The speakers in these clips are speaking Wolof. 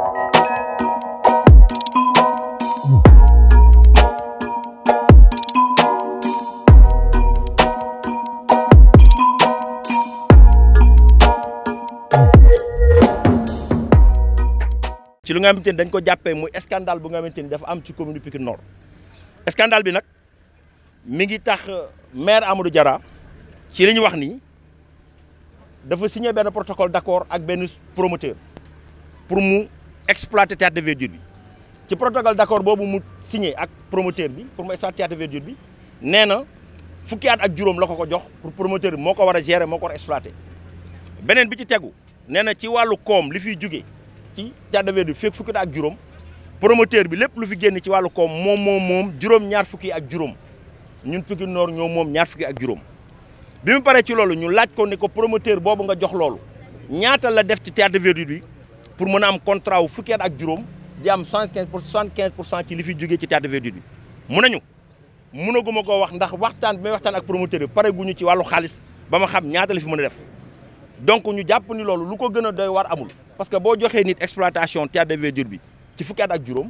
ci lu nga xamante ni dañ ko jàppee mu scandale bu nga xamante ni dafa am ci commune Pikine Nord scandale bi nag mi ngi tax euh, maire Amadou jara ci li ñu wax nii dafa signé benn protocole d'accord ak benn promoteur pour mu exploité théâtre de verdure bi ci protocole d'accord boobu mu signé ak promoteur bi pour mu exploiter théâtre de bi nee na fukki at ak juróom la ko ko jox pour promoteur bi moo ko war a gérer moo ko war beneen bi ci tegu nee na ci wàllu koom li fiy jóge ci théâtre de verdure bi ak juróom promoteur bi lépp lu fi génne ci wàllu koom moom moom moom juróom ñaar fukki ak juróom ñun Pikine Nord ñoo moom ñaar fukki ak juróom bi mu paree ci loolu ñu laaj ko ne ko promoteur boobu nga jox loolu ñaata la def ci théâtre de verdure bi pour mën a am contrat wu fukki at ak juróom di am cent quinze pour soixante quinze pour cent ci li fi jógee ci théâtre verdure bi mun nañu guma koo wax ndax waxtaan bi may waxtaan ak promoteur bi pare guñu ci wàllu xaalis ba ma xam ñaata la fi mën a def donc ñu jàpp ni loolu lu ko gën a doy war amul parce que boo joxee nit exploitation théâtre verdure bi ci fukki at ak juróom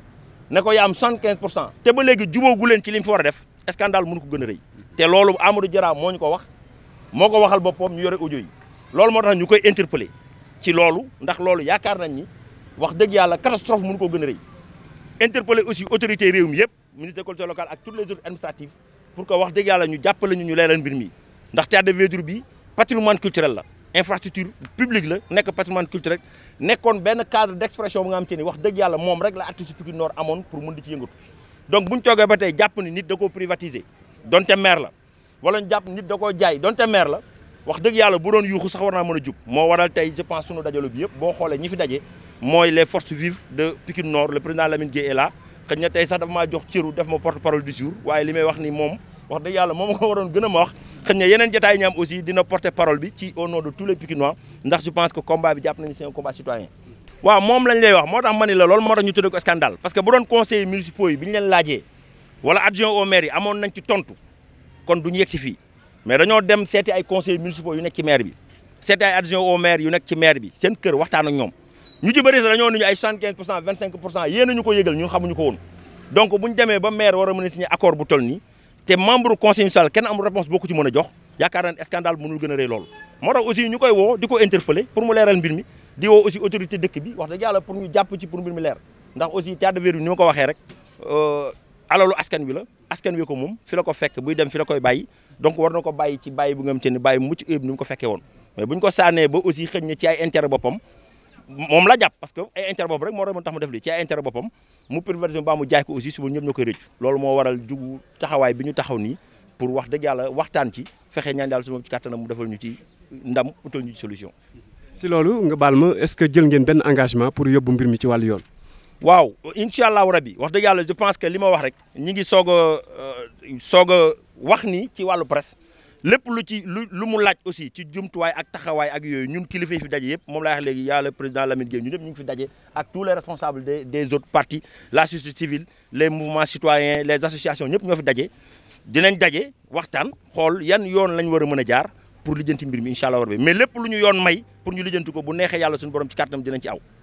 ne ko yaa am soixante quinze pour cent te ba léegi jubóogu leen ci li mu fi war a def scandale mënu ko gën a rëy te loolu Amadou Diarra moo ñu ko wax moo ko waxal boppam ñu yore audio yi loolu moo ñu koy interpellé ci loolu ndax loolu yaakaar nañ ni wax dëgg yàlla catastrophe mënu ko gën a rëy interpeller aussi autorité réew mi yëpp ministre de collectivité locale ak toutes les autres administratives pour que wax dëgg yàlla ñu jàppale ñu ñu leeral mbir mi ndax théâtre de verdure bi patrimoine culturel la infrastructure publique la nekk patrimoine culturel nekkoon benn cadre d'expression bu nga am te ni wax dëgg yàlla moom rek la artiste Pikine Nord amoon pour mën di ci yëngatu bu ñu toogee ba tey jàpp ni nit da koo donte maire la wala jàpp nit da koo jaay donte maire la wax dëgg yàlla bu doon yuuxu sax war naa mën a jub moo waral tey je pense sunu dajalo bi yëpp boo xoolee ñi fi daje mooy les forces vives de Pikine le président Lamine Gueye est là xëy na tey sax dafa maa jox cëru def ma porte parole du jour waaye li may wax ni moom wax dëgg yàlla moom ko waroon gën a ma wax xëy na yeneen jataay ñaam aussi dina porter parole bi ci au nom de tous les Pikinois ndax je pense que combat bi jàpp nañu c'est combat citoyen lay wax moo tax ma la loolu moo tax ñu tuddee ko scandale parce que bu doon conseillers municipaux yi bi ñu mais dañoo dem seeti ay conseillers municipaux yu nekk ci maire bi seeti ay adjoints au maire yu nekk ci maire bi seen kër waxtaan ak ñoom ñu ci bëri sax dañoo nuñu ay 75 pour cent 25 pour cent yéen ñu ko yëgal ñun xamuñu ko woon donc bu ñu ba maire war a mën a signé accord bu toll nii te membre conseil municipal kenn amul réponse boo ko ci mën a jox yaakaar naa ne scandale mënul gën a rëy loolu moo tax aussi ñu koy woo di ko interpeller pour mu leeral mbir mi di woo aussi autorité dëkk bi wax dëgg yàlla pour ñu jàpp ci pour mbir mi leer ndax aussi théâtre de verre bi euh, wi la askan wi ko moom fi la ko fekk buy dem fi la koy bàyyi donc war na ko bàyyi ci bàyyi bu nga xam te ne bàyyi mucc ayib ni mu ko fekkee woon mais bu ñu ko sànnee ba aussi xëñ na ci ay intérêt boppam moom la jàpp parce que ay intérêt boppam rek moo doon tax mu def li ci ay intérêt boppam mu perversion baa mu jaay ko aussi suba ñëpp ñoo koy rëccu loolu moo waral jugu taxawaay bi ñu taxaw nii pour wax dëgg yàlla waxtaan ci fexe ñaan daal su moom ci kàttanam mu defal ñu ci ndam utal ñu ci solution si loolu nga baal ma est-ce que jël ngeen benn engagement pour mi ci wàllu yoon waaw incha allahu rabi wax dëgg yàlla je pense que li ma wax rek ñi ngi soog a euh, soog a wax ni ci wàllu presse lép lu ci lu lu mu laaj aussi ci jumtuwaay ak taxawaay ak yooyu ñun kilifa yi fi daje yëpp moom laa wax léegi yàlla président Lamine Gueye ñun ñëpp ñu ngi fi daje ak tous les responsables des des autres partis la société civile les mouvements citoyens les associations ñëpp ñoo fi daje dinañ daje waxtaan xool yan yoon lañu war a mën a jaar pour lijjanti mbir mi incha allah lu ñu yoon may pour ñu lijjanti ko bu neexee yàlla suñu borom ci kàttanam dinañ aw